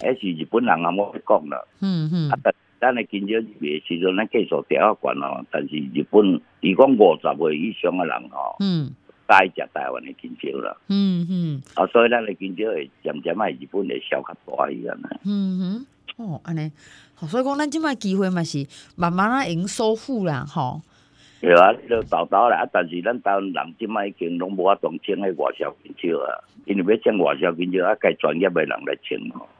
誒是日本人啊！無話講啦嗯嗯，嗯啊！但係金蕉彼時陣，咧繼續調一羣咯。但是日本如果五十歲以上嘅人哦，攏愛食台灣的金蕉啦。嗯、啊、漸漸嗯，啊所以咧，咱的金蕉會漸漸係日本嘅銷較大一點啊。嗯哼，哦，安尼，所以講咱即咪機會咪是慢慢、哦、啊，已經收復啦，嚇。係啊，你都到到啦，但是，咱台灣人即已經攏冇法當請啲外銷金蕉啊，因為要請外銷金蕉，啊，計專業嘅人嚟請。